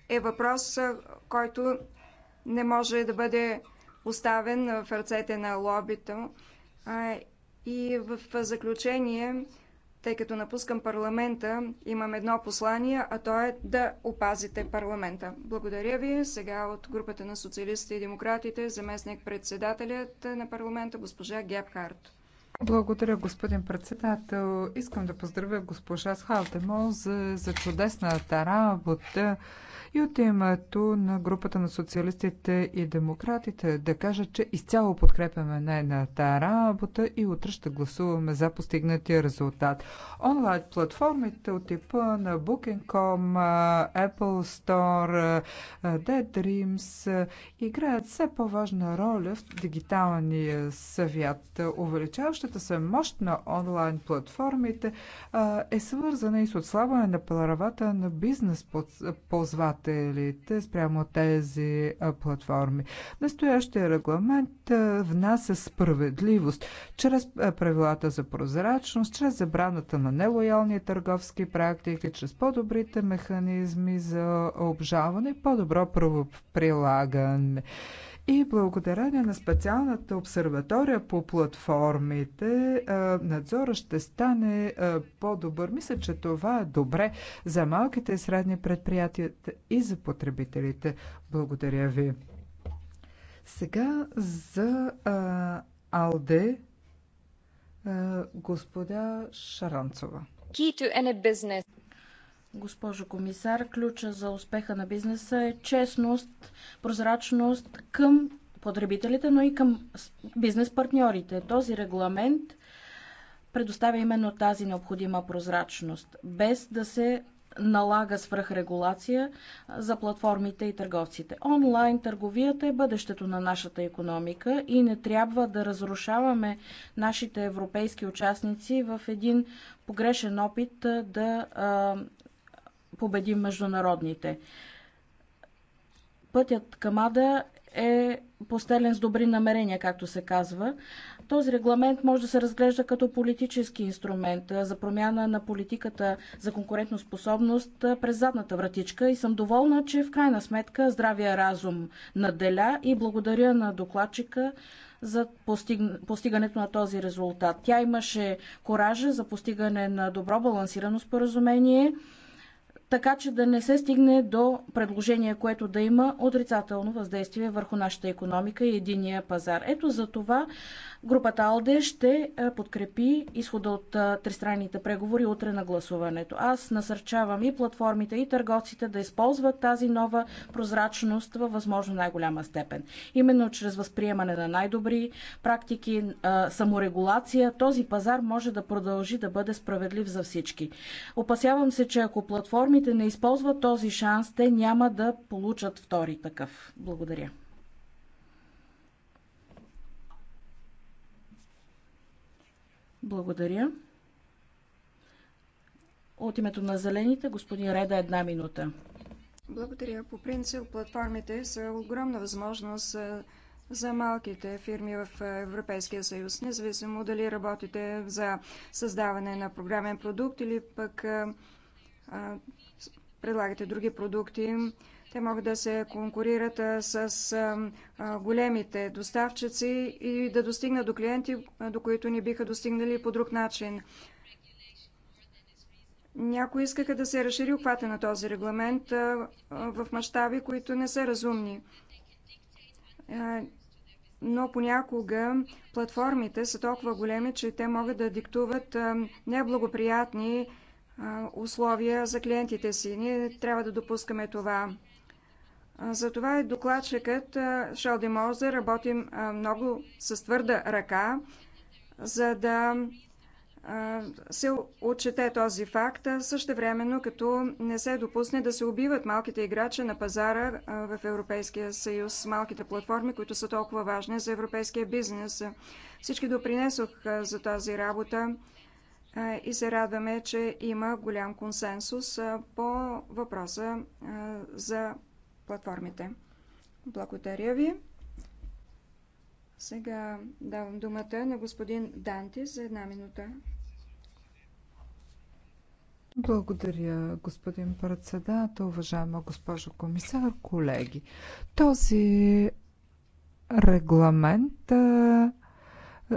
е въпрос, който не може да бъде оставен в ръцете на лобито. И в заключение тъй като напускам парламента, имам едно послание, а то е да опазите парламента. Благодаря ви. Сега от групата на социалистите и демократите, заместник председателят на парламента, госпожа Гебхарт. Благодаря, господин председател. Искам да поздравя госпожа Схалтемо за, за чудесната работа и от името на групата на социалистите и демократите да кажа, че изцяло подкрепяме нейната работа и утре ще гласуваме за постигнатия резултат. Онлайн платформите от типа на Booking.com, Apple Store, Dead Dreams играят все по-важна роля в дигиталния съвят. Увеличаващата се мощ на онлайн платформите е свързана и с отслабване на правата на бизнес ползвател ползвателите спрямо тези платформи. Настоящия регламент внася справедливост чрез правилата за прозрачност, чрез забраната на нелоялни търговски практики, чрез по-добрите механизми за обжаване и по-добро правоприлагане. И благодарение на специалната обсерватория по платформите, е, надзора ще стане е, по-добър. Мисля, че това е добре за малките и средни предприятия и за потребителите. Благодаря ви. Сега за а, е, Алде, а, господа Шаранцова. Key to any business Госпожо комисар, ключа за успеха на бизнеса е честност, прозрачност към потребителите, но и към бизнес партньорите. Този регламент предоставя именно тази необходима прозрачност, без да се налага свръхрегулация за платформите и търговците. Онлайн търговията е бъдещето на нашата економика и не трябва да разрушаваме нашите европейски участници в един погрешен опит да победим международните. Пътят към Ада е постелен с добри намерения, както се казва. Този регламент може да се разглежда като политически инструмент за промяна на политиката за конкурентоспособност през задната вратичка и съм доволна, че в крайна сметка здравия разум наделя и благодаря на докладчика за постиг... постигането на този резултат. Тя имаше коража за постигане на добро балансирано споразумение така че да не се стигне до предложение, което да има отрицателно въздействие върху нашата економика и единия пазар. Ето за това Групата АЛДЕ ще е, подкрепи изхода от е, тристранните преговори утре на гласуването. Аз насърчавам и платформите, и търговците да използват тази нова прозрачност във възможно най-голяма степен. Именно чрез възприемане на най-добри практики, е, саморегулация, този пазар може да продължи да бъде справедлив за всички. Опасявам се, че ако платформите не използват този шанс, те няма да получат втори такъв. Благодаря. Благодаря. От името на Зелените, господин Реда, една минута. Благодаря. По принцип, платформите са огромна възможност за малките фирми в Европейския съюз, независимо дали работите за създаване на програмен продукт или пък а, предлагате други продукти. Те могат да се конкурират с големите доставчици и да достигнат до клиенти, до които не биха достигнали по друг начин. Някои искаха да се разшири обхвата на този регламент в мащаби, които не са разумни. Но понякога платформите са толкова големи, че те могат да диктуват неблагоприятни условия за клиентите си. Ние трябва да допускаме това. Затова и е докладчикът Шелди Мозер работим много с твърда ръка, за да се отчете този факт, също времено като не се допусне да се убиват малките играчи на пазара в Европейския съюз, малките платформи, които са толкова важни за европейския бизнес. Всички допринесох за тази работа и се радваме, че има голям консенсус по въпроса за платформите. Благодаря ви. Сега давам думата на господин Данти за една минута. Благодаря, господин председател, уважаема госпожо комисар, колеги. Този регламент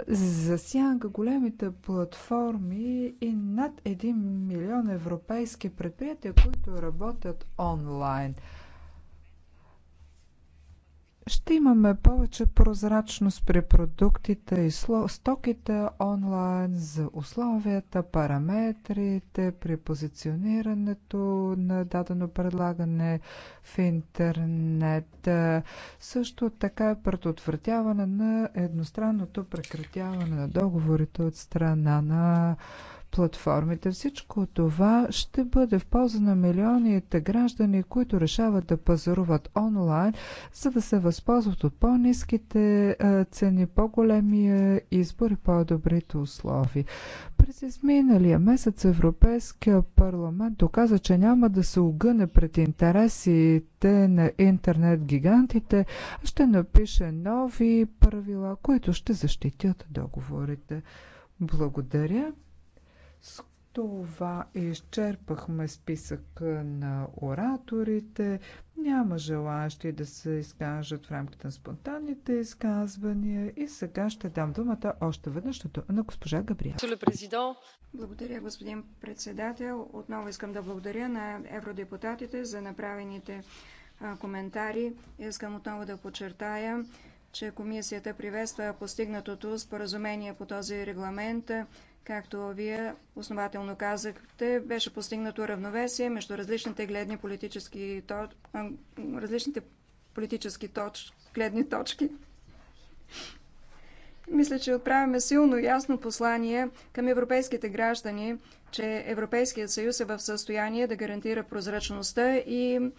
засяга големите платформи и над 1 милион европейски предприятия, които работят онлайн ще имаме повече прозрачност при продуктите и стоките онлайн за условията, параметрите, при позиционирането на дадено предлагане в интернет. Също така предотвратяване на едностранното прекратяване на договорите от страна на платформите. Всичко това ще бъде в полза на милионите граждани, които решават да пазаруват онлайн, за да се възползват от по-низките цени, по-големия избор и по-добрите условия. През изминалия месец Европейския парламент доказа, че няма да се огъне пред интересите на интернет гигантите, а ще напише нови правила, които ще защитят договорите. Благодаря. С това изчерпахме списък на ораторите. Няма желаящи да се изкажат в рамките на спонтанните изказвания. И сега ще дам думата още веднъж на госпожа Габриел. Благодаря, господин председател. Отново искам да благодаря на евродепутатите за направените коментари. Искам отново да подчертая, че комисията приветства постигнатото споразумение по този регламент. Както вие основателно казахте, беше постигнато равновесие между различните гледни политически, то... различните политически точ... гледни точки. Мисля, че отправяме силно ясно послание към европейските граждани, че Европейският съюз е в състояние да гарантира прозрачността и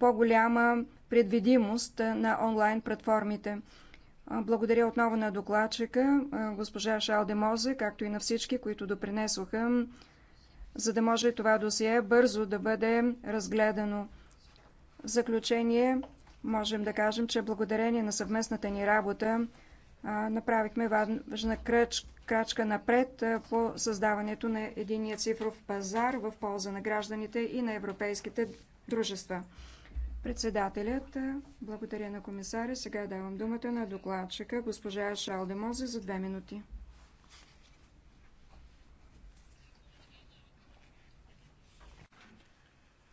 по-голяма предвидимост на онлайн платформите. Благодаря отново на докладчика, госпожа Шалде Мозе, както и на всички, които допринесоха, за да може това досие бързо да бъде разгледано. В заключение можем да кажем, че благодарение на съвместната ни работа направихме важна крачка напред по създаването на единия цифров пазар в полза на гражданите и на европейските дружества. Председателят, благодаря на комисаря. Сега давам думата на докладчика, госпожа Шалдемозе, за две минути.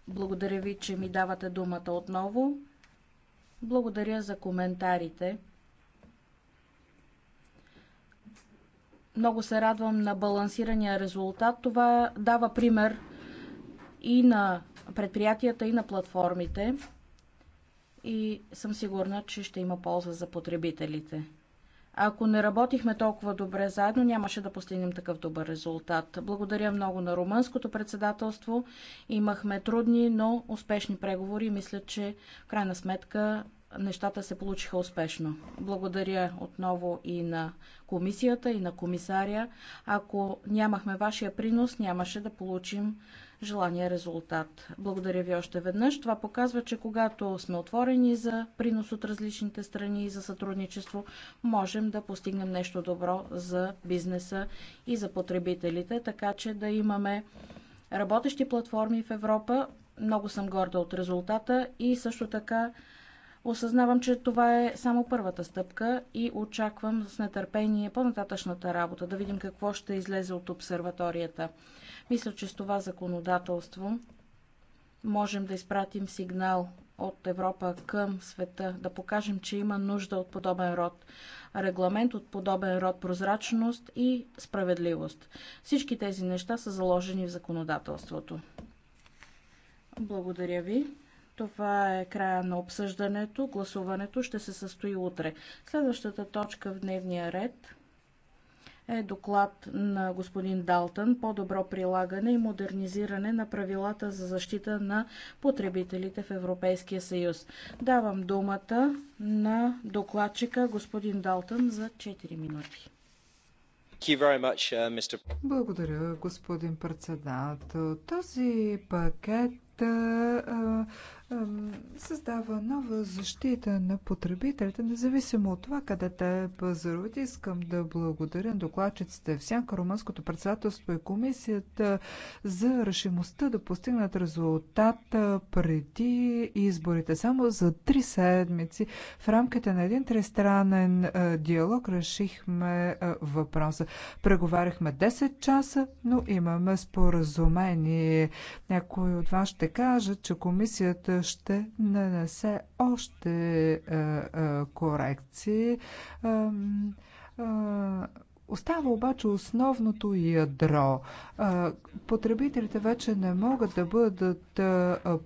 Благодаря ви, че ми давате думата отново. Благодаря за коментарите. Много се радвам на балансирания резултат. Това дава пример и на предприятията, и на платформите и съм сигурна, че ще има полза за потребителите. Ако не работихме толкова добре заедно, нямаше да постигнем такъв добър резултат. Благодаря много на румънското председателство. Имахме трудни, но успешни преговори. Мисля, че в крайна сметка нещата се получиха успешно. Благодаря отново и на комисията, и на комисаря. Ако нямахме вашия принос, нямаше да получим желания резултат. Благодаря ви още веднъж. Това показва, че когато сме отворени за принос от различните страни и за сътрудничество, можем да постигнем нещо добро за бизнеса и за потребителите, така че да имаме работещи платформи в Европа. Много съм горда от резултата и също така Осъзнавам, че това е само първата стъпка и очаквам с нетърпение по-нататъчната работа, да видим какво ще излезе от обсерваторията. Мисля, че с това законодателство можем да изпратим сигнал от Европа към света, да покажем, че има нужда от подобен род. Регламент от подобен род прозрачност и справедливост. Всички тези неща са заложени в законодателството. Благодаря ви. Това е края на обсъждането. Гласуването ще се състои утре. Следващата точка в дневния ред е доклад на господин Далтън по-добро прилагане и модернизиране на правилата за защита на потребителите в Европейския съюз. Давам думата на докладчика господин Далтън за 4 минути. Uh, Благодаря, господин председател. Този пакет създава нова защита на потребителите, независимо от това къде те пазаруват. Искам да благодаря на докладчиците в Сянка, Румънското председателство и комисията за решимостта да постигнат резултат преди изборите. Само за три седмици в рамките на един тристранен диалог решихме въпроса. Преговаряхме 10 часа, но имаме споразумение. Някой от вас ще каже, че комисията ще нанесе още е, е, корекции. Остава обаче основното ядро. Потребителите вече не могат да бъдат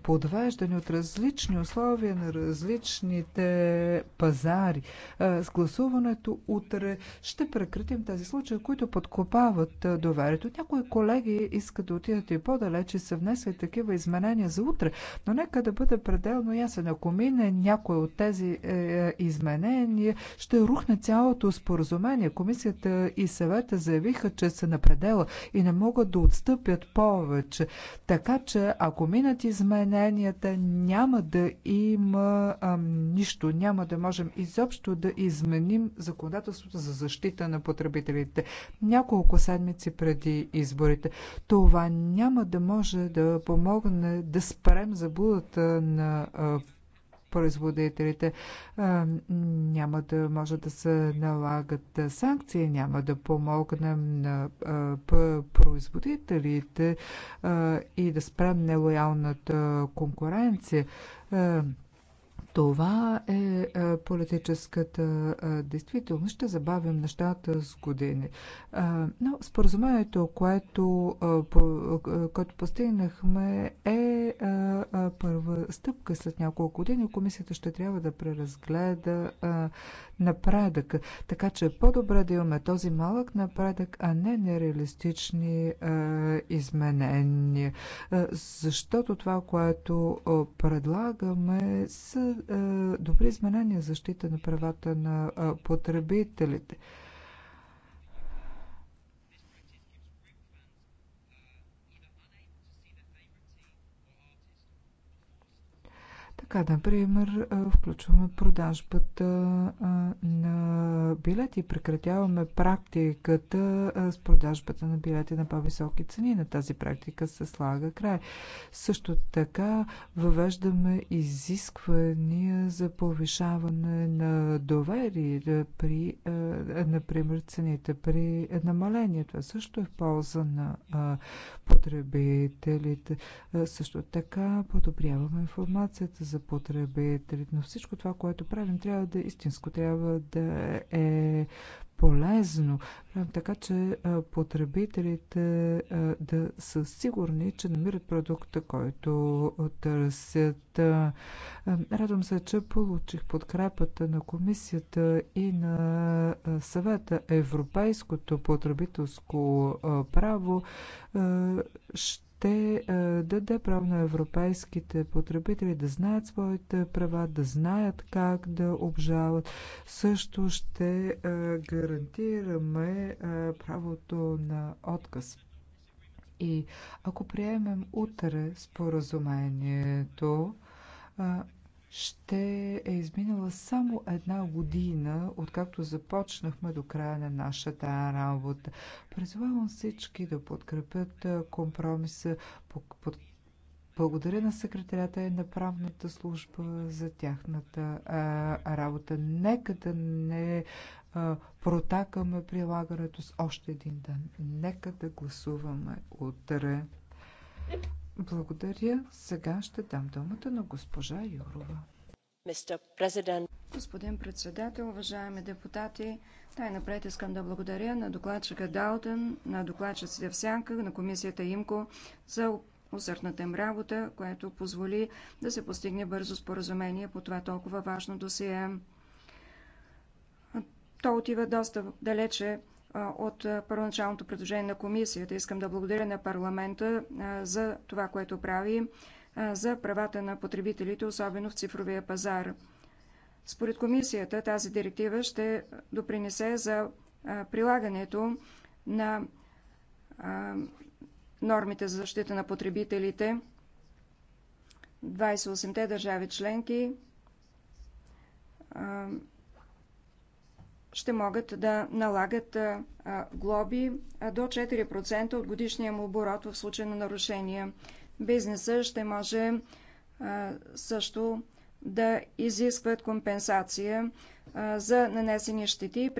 подвеждани от различни условия на различните пазари. С гласуването утре ще прекратим тези случаи, които подкопават доверието. Някои колеги искат да отидат и по-далече и са внесли такива изменения за утре, но нека да бъде пределно ясен. Ако мине някой от тези е, е, изменения, ще рухне цялото споразумение. Комисията и съвета заявиха, че са на предела и не могат да отстъпят повече. Така че, ако минат измененията, няма да има ам, нищо, няма да можем изобщо да изменим законодателството за защита на потребителите. Няколко седмици преди изборите. Това няма да може да помогне да спрем заблудата на а, производителите. Няма да може да се налагат санкции, няма да помогнем на производителите и да спрем нелоялната конкуренция. Това е, е политическата е, действителност. Ще забавим нещата с години. Е, но споразумението, което, което постигнахме, е първа стъпка. След няколко години комисията ще трябва да преразгледа напредък. Така че е по-добре да имаме този малък напредък, а не нереалистични е, изменения. Е, защото това, което е, предлагаме, са е, добри изменения защита на правата на е, потребителите. Така, например, включваме продажбата на билети. Прекратяваме практиката с продажбата на билети на по-високи цени. На тази практика се слага край. Също така въвеждаме изисквания за повишаване на доверие при, например, цените при намаление. Това също е в полза на потребителите. Също така подобряваме информацията за потребителите. Но всичко това, което правим, трябва да е истинско, трябва да е полезно. така, че потребителите да са сигурни, че намират продукта, който търсят. Радвам се, че получих подкрепата на комисията и на съвета. Европейското потребителско право ще ще даде право на европейските потребители да знаят своите права, да знаят как да обжалват. Също ще е, гарантираме е, правото на отказ. И ако приемем утре споразумението, е, ще е изминала само една година, откакто започнахме до края на нашата работа. Призовавам всички да подкрепят компромиса. Благодаря на секретарята и на правната служба за тяхната а, работа. Нека да не а, протакаме прилагането с още един ден. Нека да гласуваме утре. Благодаря. Сега ще дам думата на госпожа Юрова. Господин председател, уважаеми депутати, най-напред искам да благодаря на докладчика Далтън, на докладчиците в Сянка, на комисията Имко за усърдната им работа, което позволи да се постигне бързо споразумение по това толкова важно досие. То отива доста далече от първоначалното предложение на комисията. Искам да благодаря на парламента за това, което прави за правата на потребителите, особено в цифровия пазар. Според комисията тази директива ще допринесе за прилагането на нормите за защита на потребителите. 28-те държави членки ще могат да налагат глоби до 4% от годишния му оборот в случай на нарушения. Бизнеса ще може също да изискват компенсация за нанесени щети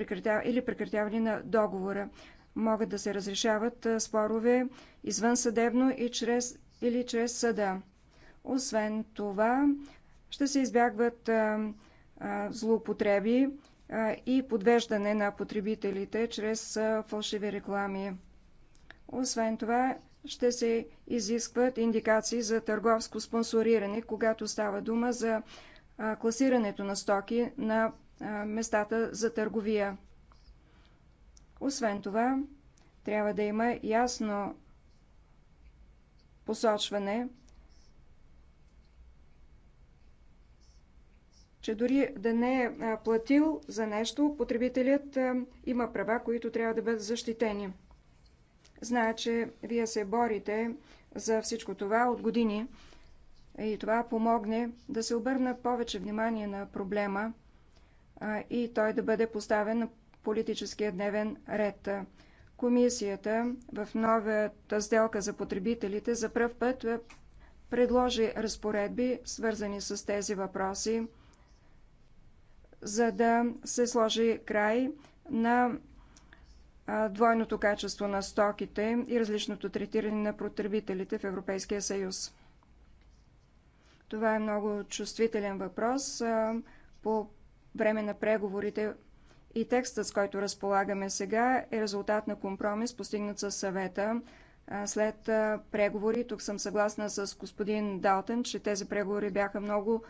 или прекратяване на договора. Могат да се разрешават спорове извънсъдебно и чрез, или чрез съда. Освен това, ще се избягват злоупотреби и подвеждане на потребителите чрез фалшиви реклами. Освен това, ще се изискват индикации за търговско спонсориране, когато става дума за класирането на стоки на местата за търговия. Освен това, трябва да има ясно посочване че дори да не е платил за нещо, потребителят има права, които трябва да бъдат защитени. Зная, че вие се борите за всичко това от години и това помогне да се обърна повече внимание на проблема и той да бъде поставен на политическия дневен ред. Комисията в новата сделка за потребителите за пръв път предложи разпоредби, свързани с тези въпроси за да се сложи край на двойното качество на стоките и различното третиране на потребителите в Европейския съюз. Това е много чувствителен въпрос по време на преговорите и текстът, с който разполагаме сега, е резултат на компромис, постигнат със съвета след преговори. Тук съм съгласна с господин Далтен, че тези преговори бяха много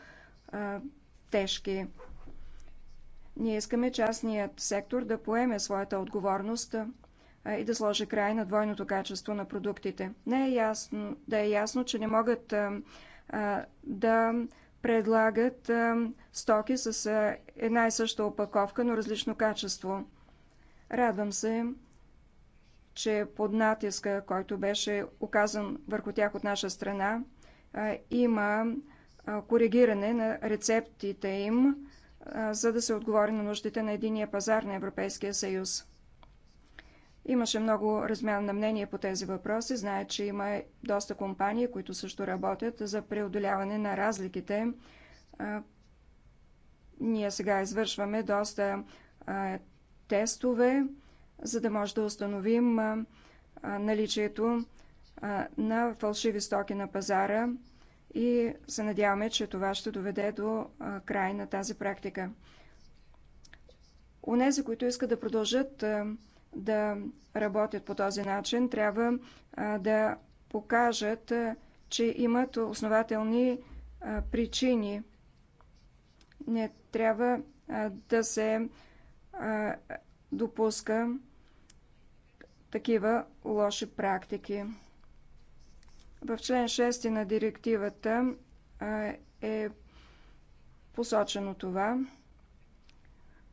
тежки. Ние искаме частният сектор да поеме своята отговорност и да сложи край на двойното качество на продуктите. Не е ясно, да е ясно, че не могат да предлагат стоки с една и съща опаковка, но различно качество. Радвам се, че под натиска, който беше оказан върху тях от наша страна, има коригиране на рецептите им за да се отговори на нуждите на единия пазар на Европейския съюз. Имаше много размяна на мнение по тези въпроси. Знаят, че има доста компании, които също работят за преодоляване на разликите. Ние сега извършваме доста тестове, за да може да установим наличието на фалшиви стоки на пазара и се надяваме, че това ще доведе до край на тази практика. Унези, които искат да продължат да работят по този начин, трябва да покажат, че имат основателни причини. Не трябва да се допуска такива лоши практики. В член 6 на директивата е посочено това,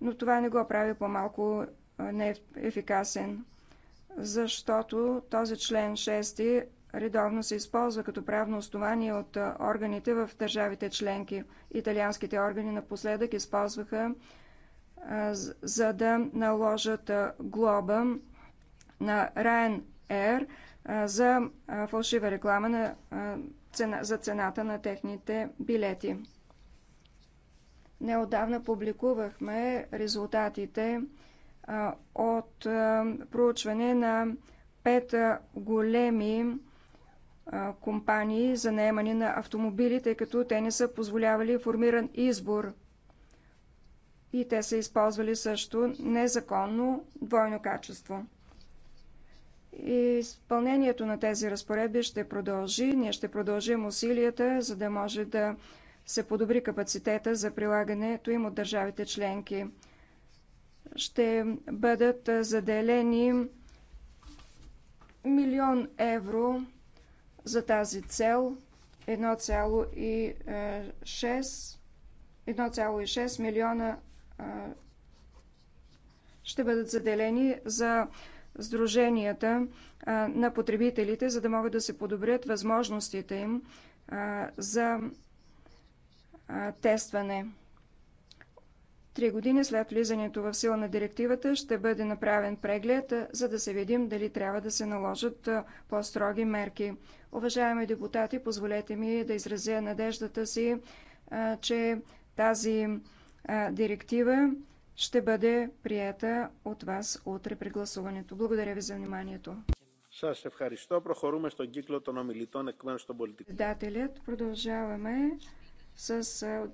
но това не го прави по-малко неефикасен, защото този член 6 редовно се използва като правно основание от органите в държавите членки. Италианските органи напоследък използваха за да наложат глоба на Ryanair за фалшива реклама на, за цената на техните билети. Неодавна публикувахме резултатите от проучване на пет големи компании за наемане на автомобили, тъй като те не са позволявали формиран избор. И те са използвали също незаконно двойно качество. И Изпълнението на тези разпоредби ще продължи. Ние ще продължим усилията, за да може да се подобри капацитета за прилагането им от държавите членки. Ще бъдат заделени милион евро за тази цел, 1,6 милиона ще бъдат заделени за сдруженията на потребителите, за да могат да се подобрят възможностите им за тестване. Три години след влизането в сила на директивата ще бъде направен преглед, за да се видим дали трябва да се наложат по-строги мерки. Уважаеми депутати, позволете ми да изразя надеждата си, че тази директива ще бъде приета от вас утре при гласуването. Благодаря ви за вниманието. Σας ευχαριστώ. Προχωρούμε στον κύκλο των ομιλητών εκ μέρους των πολιτικών. Дателят, продължаваме с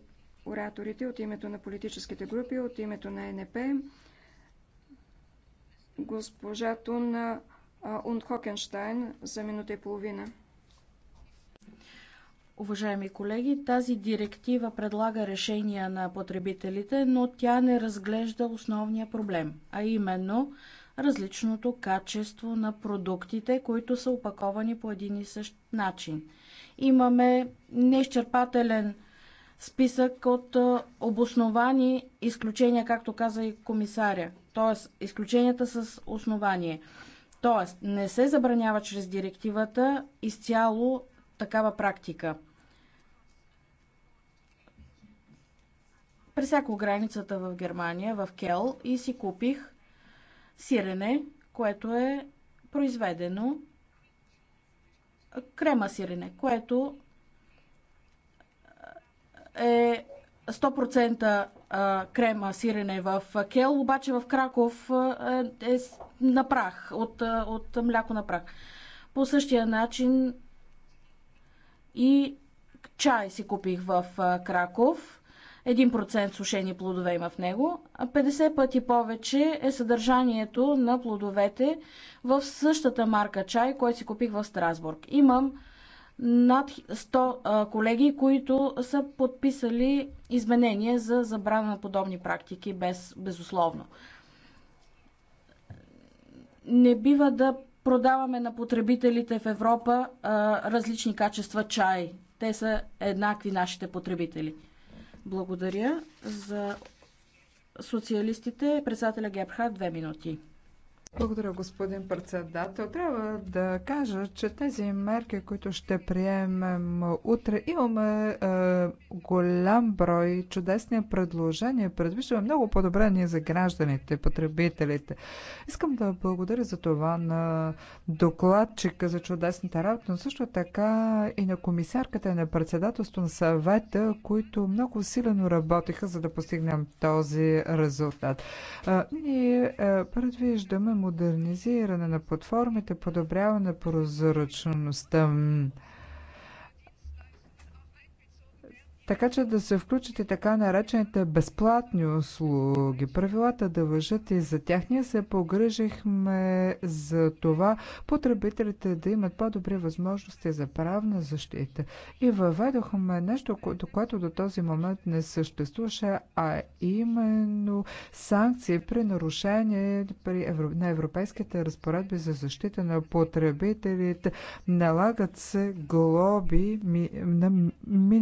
ораторите от името на политическите групи, от името на НП. Госпожа Тун Ундхокенштайн за минута и половина. Уважаеми колеги, тази директива предлага решения на потребителите, но тя не разглежда основния проблем, а именно различното качество на продуктите, които са опаковани по един и същ начин. Имаме неизчерпателен списък от обосновани изключения, както каза и комисаря, т.е. изключенията с основание. Тоест, не се забранява чрез директивата изцяло такава практика. Пресяко границата в Германия, в Кел и си купих сирене, което е произведено крема сирене, което е 100% крема сирене в Кел, обаче в Краков е, е на прах, от, от мляко на прах. По същия начин и чай си купих в Краков. 1% сушени плодове има в него, а 50 пъти повече е съдържанието на плодовете в същата марка чай, който си купих в Страсбург. Имам над 100 колеги, които са подписали изменения за забрана на подобни практики без, безусловно. Не бива да продаваме на потребителите в Европа а, различни качества чай. Те са еднакви нашите потребители. Благодаря за социалистите. Председателя Гебхард, две минути. Благодаря, господин председател. Трябва да кажа, че тези мерки, които ще приемем утре, имаме е, голям брой чудесни предложения. Предвиждаме много подобрения за гражданите, потребителите. Искам да благодаря за това на докладчика за чудесната работа, но също така и на комисарката и на председателство на съвета, които много усилено работиха, за да постигнем този резултат. Е, ние е, предвиждаме модернизиране на платформите, подобряване на прозрачността. така че да се включат и така наречените безплатни услуги. Правилата да въжат и за тях. Ние се погрижихме за това потребителите да имат по-добри възможности за правна защита. И въведохме нещо, което, което до този момент не съществуваше, а именно санкции при нарушение при евро... на европейските разпоредби за защита на потребителите. Налагат се глоби ми... на минимум